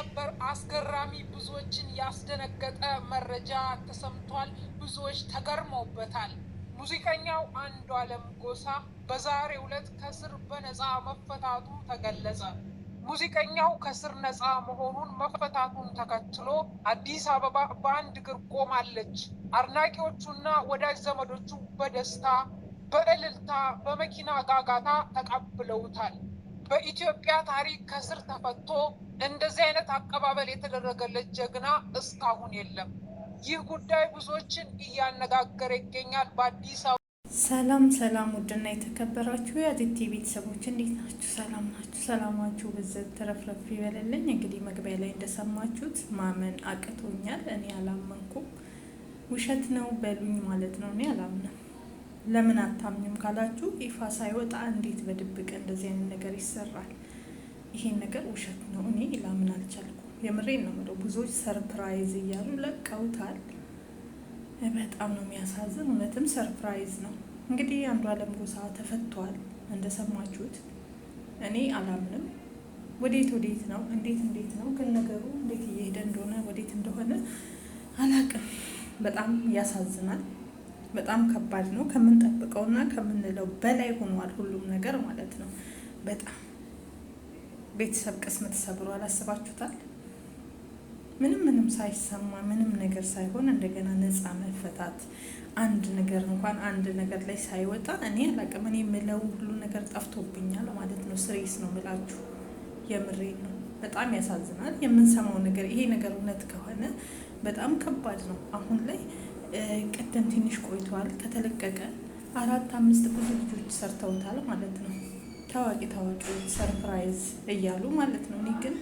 ነበር። አስገራሚ ብዙዎችን ያስደነገጠ መረጃ ተሰምቷል። ብዙዎች ተገርመውበታል። ሙዚቀኛው አንዷለም ጎሳ በዛሬው ዕለት ከእስር በነፃ መፈታቱ ተገለጸ። ሙዚቀኛው ከእስር ነፃ መሆኑን መፈታቱን ተከትሎ አዲስ አበባ በአንድ እግር ቆማለች። አድናቂዎቹና ወዳጅ ዘመዶቹ በደስታ በእልልታ፣ በመኪና ጋጋታ ተቀብለውታል። በኢትዮጵያ ታሪክ ከስር ተፈቶ እንደዚህ አይነት አቀባበል የተደረገለት ጀግና እስካሁን የለም። ይህ ጉዳይ ብዙዎችን እያነጋገረ ይገኛል። በአዲስ አበባ ሰላም ሰላም፣ ውድና የተከበራችሁ የአዜቴ ቤተሰቦች እንዴት ናችሁ? ሰላም ናችሁ? ሰላማችሁ ብዝት ተረፍረፍ ይበልልኝ። እንግዲህ መግቢያ ላይ እንደሰማችሁት ማመን አቅቶኛል። እኔ አላመንኩም። ውሸት ነው በሉኝ ማለት ነው። እኔ አላምንም ለምን አታምኝም ካላችሁ ይፋ ሳይወጣ እንዴት በድብቅ እንደዚህ አይነት ነገር ይሰራል? ይሄን ነገር ውሸት ነው፣ እኔ ላምን አልቻልኩ። የምሬን ነው የምለው። ብዙዎች ሰርፕራይዝ እያሉ ለቀውታል። በጣም ነው የሚያሳዝን። እውነትም ሰርፕራይዝ ነው። እንግዲህ አንዷለም ጎሳ ተፈቷል እንደሰማችሁት። እኔ አላምንም። ወዴት ወዴት ነው እንዴት እንዴት ነው ግን ነገሩ እንዴት እየሄደ እንደሆነ ወዴት እንደሆነ አላቅም። በጣም ያሳዝናል። በጣም ከባድ ነው። ከምንጠብቀው እና ከምንለው በላይ ሆኗል ሁሉም ነገር ማለት ነው። በጣም ቤተሰብ ቅስም ተሰብሮ አላስባችሁታል? ምንም ምንም ሳይሰማ ምንም ነገር ሳይሆን እንደገና ነፃ መፈታት አንድ ነገር እንኳን አንድ ነገር ላይ ሳይወጣ እኔ አላቅም። እኔ የምለው ሁሉ ነገር ጠፍቶብኛል ማለት ነው። ስሬስ ነው ምላችሁ፣ የምሬ ነው። በጣም ያሳዝናል የምንሰማው ነገር። ይሄ ነገር እውነት ከሆነ በጣም ከባድ ነው አሁን ላይ ቀደም ትንሽ ቆይተዋል ከተለቀቀ አራት አምስት ብዙ ልጆች ሰርተውታል ማለት ነው። ታዋቂ ታዋቂዎች ሰርፕራይዝ እያሉ ማለት ነው። እኔ ግን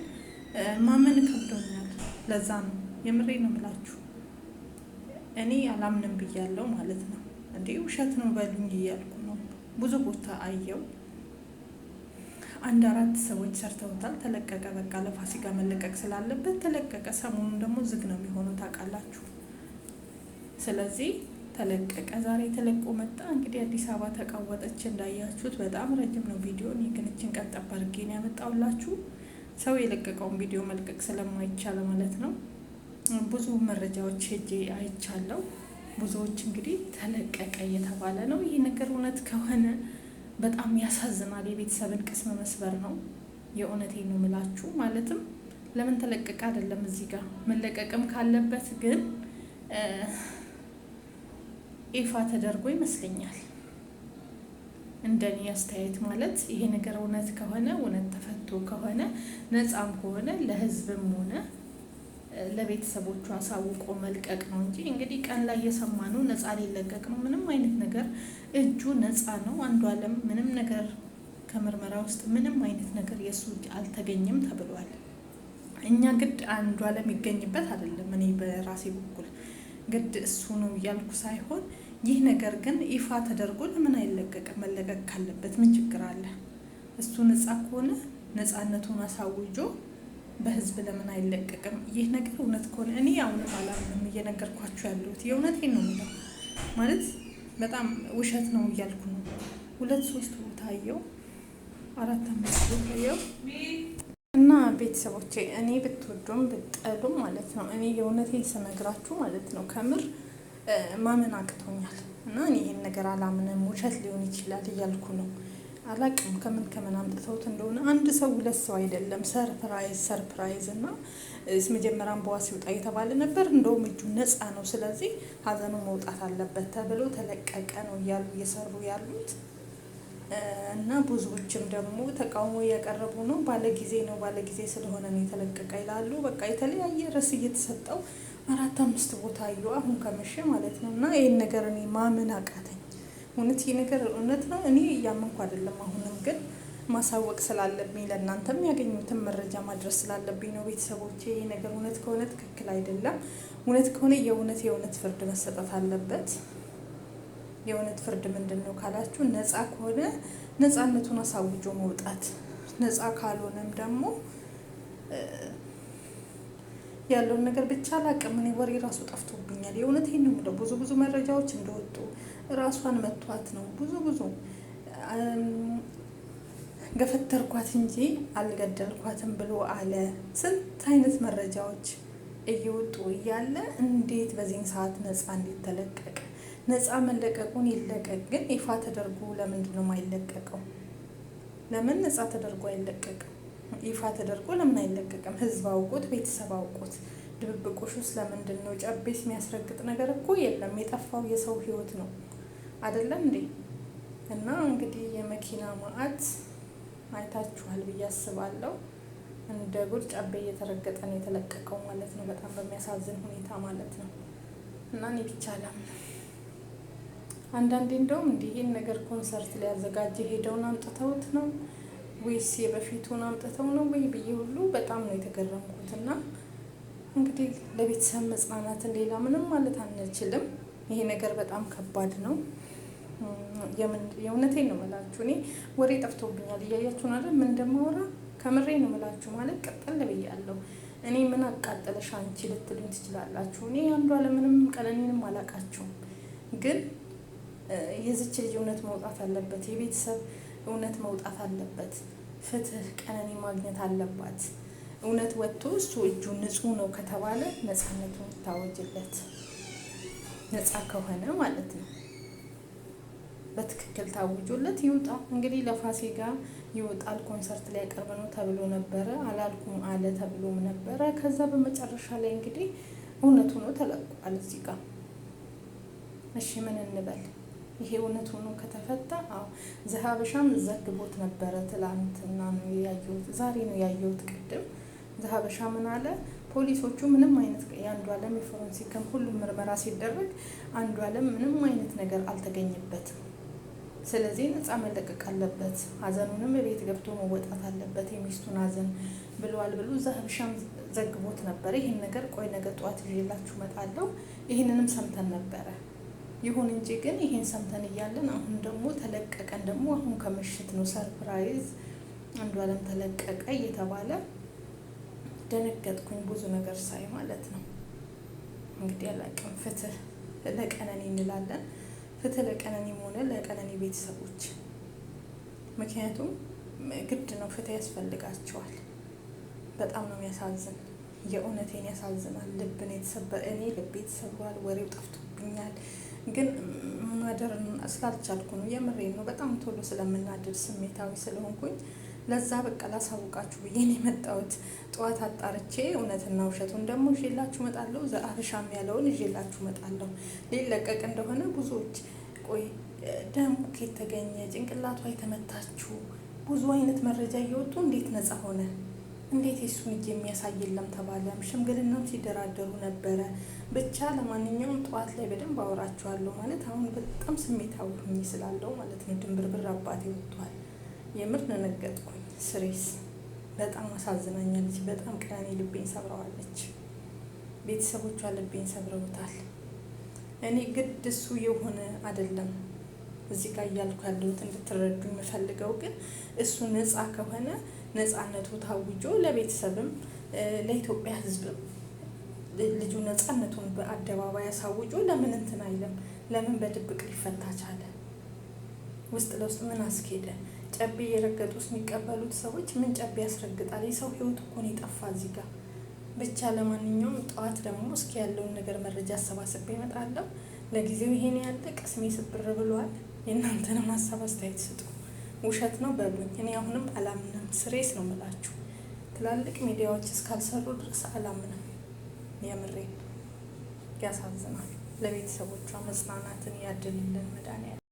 ማመን ከብዶኛል። ለዛ ነው የምሬ ነው ብላችሁ እኔ አላምንም ብያለው ማለት ነው። እንዴ ውሸት ነው በሉኝ እያልኩ ነው። ብዙ ቦታ አየው አንድ አራት ሰዎች ሰርተውታል። ተለቀቀ። በቃ ለፋሲካ መለቀቅ ስላለበት ተለቀቀ። ሰሞኑን ደግሞ ዝግ ነው የሚሆኑ ታውቃላችሁ። ስለዚህ ተለቀቀ። ዛሬ ተለቆ መጣ። እንግዲህ አዲስ አበባ ተቃወጠች እንዳያችሁት፣ በጣም ረጅም ነው ቪዲዮ። እኔ ግን እችን ቀጥ አድርጌን ያመጣውላችሁ ሰው የለቀቀውን ቪዲዮ መልቀቅ ስለማይቻል ማለት ነው። ብዙ መረጃዎች ሄጄ አይቻለው። ብዙዎች እንግዲህ ተለቀቀ እየተባለ ነው። ይህ ነገር እውነት ከሆነ በጣም ያሳዝናል። የቤተሰብን ቅስም መስበር ነው። የእውነቴ ነው ምላችሁ ማለትም ለምን ተለቀቀ አይደለም እዚህ ጋር መለቀቅም ካለበት ግን ይፋ ተደርጎ ይመስለኛል። እንደኔ አስተያየት ማለት ይሄ ነገር እውነት ከሆነ እውነት ተፈቶ ከሆነ ነፃም ከሆነ ለህዝብም ሆነ ለቤተሰቦቹ አሳውቆ መልቀቅ ነው እንጂ እንግዲህ ቀን ላይ የሰማ ነው ነፃ ሊለቀቅ ነው። ምንም አይነት ነገር እጁ ነፃ ነው። አንዷለም ምንም ነገር ከምርመራ ውስጥ ምንም አይነት ነገር የእሱ እጅ አልተገኘም ተብሏል። እኛ ግድ አንዷለም ይገኝበት አይደለም እኔ በራሴ በኩል ግድ እሱ ነው እያልኩ ሳይሆን ይህ ነገር ግን ይፋ ተደርጎ ለምን አይለቀቅም? መለቀቅ ካለበት ምን ችግር አለ? እሱ ነፃ ከሆነ ነጻነቱን አሳውጆ በህዝብ ለምን አይለቀቅም? ይህ ነገር እውነት ከሆነ እኔ አሁን አላምንም፣ እየነገርኳችሁ ያለሁት የእውነቴን ነው የሚለው ማለት በጣም ውሸት ነው እያልኩ ነው። ሁለት ሶስት ቦታ አየው፣ አራት አምስት ቦታ አየው። ቤተሰቦቼ እኔ ብትወዱም ብጠሉም ማለት ነው እኔ የእውነቴን ስነግራችሁ ማለት ነው ከምር ማመን አቅቶኛል እና እኔ ይህን ነገር አላምንም፣ ውሸት ሊሆን ይችላል እያልኩ ነው። አላቅም ከምን ከምን አምጥተውት እንደሆነ አንድ ሰው ሁለት ሰው አይደለም። ሰርፕራይዝ ሰርፕራይዝ እና መጀመሪያም በዋ ሲውጣ የተባለ ነበር። እንደውም እጁ ነፃ ነው፣ ስለዚህ ሀዘኑ መውጣት አለበት ተብሎ ተለቀቀ ነው እያሉ እየሰሩ ያሉት። እና ብዙዎችም ደግሞ ተቃውሞ እያቀረቡ ነው። ባለጊዜ ነው ባለጊዜ ስለሆነ ነው የተለቀቀ ይላሉ። በቃ የተለያየ ርዕስ እየተሰጠው አራት አምስት ቦታ አዩ አሁን ከመሸ ማለት ነው። እና ይህን ነገር እኔ ማመን አቃተኝ። እውነት ይህ ነገር እውነት ነው፣ እኔ እያመንኩ አይደለም። አሁንም ግን ማሳወቅ ስላለብኝ ለእናንተም ያገኙትን መረጃ ማድረስ ስላለብኝ ነው። ቤተሰቦቼ ይህ ነገር እውነት ከሆነ ትክክል አይደለም። እውነት ከሆነ የእውነት የእውነት ፍርድ መሰጠት አለበት። የእውነት ፍርድ ምንድን ነው ካላችሁ፣ ነፃ ከሆነ ነፃነቱን አሳውጆ መውጣት፣ ነፃ ካልሆነም ደግሞ ያለውን ነገር ብቻ አላቅም። እኔ ወሬ ራሱ ጠፍቶብኛል። የእውነት ይህን ምለው ብዙ ብዙ መረጃዎች እንደወጡ ራሷን መቷት ነው ብዙ ብዙ ገፈተርኳት እንጂ አልገደልኳትም ብሎ አለ። ስንት አይነት መረጃዎች እየወጡ እያለ እንዴት በዚህን ሰዓት ነፃ እንዴት ተለቀቀ? ነፃ መለቀቁን ይለቀቅ። ግን ይፋ ተደርጎ ለምንድን ነው የማይለቀቀው? ለምን ነፃ ተደርጎ አይለቀቅም? ይፋ ተደርጎ ለምን አይለቀቅም? ህዝብ አውቁት ቤተሰብ አውቁት ድብብቆሽ ውስጥ ለምንድን ነው? ጨቤስ የሚያስረግጥ ነገር እኮ የለም። የጠፋው የሰው ህይወት ነው አይደለም እንዴ? እና እንግዲህ የመኪና ማዕት አይታችኋል ብዬ አስባለሁ። እንደ ጉድ ጨቤ እየተረገጠ ነው የተለቀቀው ማለት ነው። በጣም በሚያሳዝን ሁኔታ ማለት ነው። እና እኔ ብቻ አላምንም። አንዳንዴ እንደውም እንዲህ ይህን ነገር ኮንሰርት ሊያዘጋጅ ሄደውን አምጥተውት ነው ወይስ የበፊቱን አምጥተው ነው ወይ ብዬ ሁሉ በጣም ነው የተገረምኩት። እና እንግዲህ ለቤተሰብ መጽናናትን ሌላ ምንም ማለት አንችልም። ይሄ ነገር በጣም ከባድ ነው። የእውነቴ ነው ምላችሁ እኔ ወሬ ጠፍቶብኛል። እያያችሁን አለ ምን እንደማወራ ከምሬ ነው የምላችሁ። ማለት ቀጠል ብያለሁ። እኔ ምን አቃጠለሽ አንቺ ልትሉኝ ትችላላችሁ። እኔ አንዷ ለምንም ቀለኔንም አላቃችሁም ግን የዝች ልጅ እውነት መውጣት አለበት። የቤተሰብ እውነት መውጣት አለበት። ፍትህ ቀነኒ ማግኘት አለባት። እውነት ወጥቶ እሱ እጁ ንጹህ ነው ከተባለ ነፃነቱን ታወጅለት። ነፃ ከሆነ ማለት ነው በትክክል ታውጆለት ይውጣ። እንግዲህ ለፋሲካ ይወጣል ኮንሰርት ሊያቀርብ ነው ተብሎ ነበረ፣ አላልኩም አለ ተብሎም ነበረ። ከዛ በመጨረሻ ላይ እንግዲህ እውነቱ ነው ተለቋል። እዚህ ጋር እሺ ምን እንበል? ይሄ እውነት ሆኖ ከተፈታ አዎ ዘሀበሻም ዘግቦት ነበረ። ትላንትና ነው ያየሁት፣ ዛሬ ነው ያየሁት። ቅድም ዘሀበሻ ምን አለ? ፖሊሶቹ ምንም አይነት የአንዱ አለም የፎረንሲክም ሁሉም ምርመራ ሲደረግ አንዱ አለም ምንም አይነት ነገር አልተገኘበትም። ስለዚህ ነጻ መለቀቅ አለበት፣ ሀዘኑንም ቤት ገብቶ መወጣት አለበት የሚስቱን ሀዘን ብለዋል ብሎ ዘሀበሻም ዘግቦት ነበረ። ይህን ነገር ቆይ ነገ ጠዋት ይዤላችሁ እመጣለሁ። ይህንንም ሰምተን ነበረ ይሁን እንጂ ግን ይሄን ሰምተን እያለን አሁን ደግሞ ተለቀቀን ደግሞ አሁን ከምሽት ነው ሰርፕራይዝ አንዷለም ተለቀቀ እየተባለ ደነገጥኩኝ። ብዙ ነገር ሳይ ማለት ነው እንግዲህ አላውቅም። ፍትህ ለቀነኒ እንላለን። ፍትህ ለቀነኒ ሆነ ለቀነኒ ቤተሰቦች፣ ምክንያቱም ግድ ነው፣ ፍትህ ያስፈልጋቸዋል። በጣም ነው የሚያሳዝን። የእውነቴን ያሳዝናል። ልብን የተሰበረ እኔ ልቤ ተሰብሯል። ወሬው ጠፍቶብኛል። ግን መደርን ስላልቻልኩ ነው። የምሬን ነው። በጣም ቶሎ ስለምናድር ስሜታዊ ስለሆንኩኝ ለዛ በቃ ላሳውቃችሁ ብዬን ነው የመጣሁት። ጠዋት አጣርቼ እውነትና ውሸቱን ደግሞ ይዤላችሁ እመጣለሁ። ዘአበሻም ያለውን ይዤላችሁ እመጣለሁ። ሊለቀቅ እንደሆነ ብዙዎች ቆይ ደግሞ ተገኘ? ጭንቅላቷ የተመታችሁ ብዙ አይነት መረጃ እየወጡ እንዴት ነጻ ሆነ? እንዴት የሱን እጅ የሚያሳይ የለም ተባለም። ሽምግልናም ሲደራደሩ ነበረ። ብቻ ለማንኛውም ጠዋት ላይ በደንብ አወራችኋለሁ። ማለት አሁን በጣም ስሜታዊ ሁኝ ስላለው ማለት ነው። ድንብርብር አባቴ ወጥቷል። የምር ነነገጥኩኝ። ስሬስ በጣም አሳዝናኛለች። በጣም ቅናኔ ልቤን ሰብረዋለች። ቤተሰቦቿ ልቤን ሰብረውታል። እኔ ግድ እሱ የሆነ አይደለም እዚህ ጋር እያልኩ ያለሁት እንድትረዱ የምፈልገው ግን እሱ ነፃ ከሆነ ነፃነቱ ታውጆ ለቤተሰብም ለኢትዮጵያ ሕዝብም ልጁ ነፃነቱን በአደባባይ አሳውጆ ለምን እንትን አይለም? ለምን በድብቅ ሊፈታ ቻለ? ውስጥ ለውስጥ ምን አስኬደ? ጨቤ የረገጡ ውስጥ የሚቀበሉት ሰዎች ምን ጨቤ ያስረግጣል? የሰው ህይወት እኮ ነው የጠፋ እዚህ ጋር። ብቻ ለማንኛውም ጠዋት ደግሞ እስኪ ያለውን ነገር መረጃ አሰባስቤ እመጣለሁ። ለጊዜው ይሄን ያለ ቅስሜ ስብር ብሏል። የእናንተንም ሀሳብ አስተያየት ስጡ። ውሸት ነው በሉኝ። እኔ አሁንም አላምንም። ስሬስ ነው የምላችሁ። ትላልቅ ሚዲያዎች እስካልሰሩ ድረስ አላምንም። የምሬ ያሳዝናል። ለቤተሰቦቿ መጽናናትን ያድልልን መድኃኒዓለም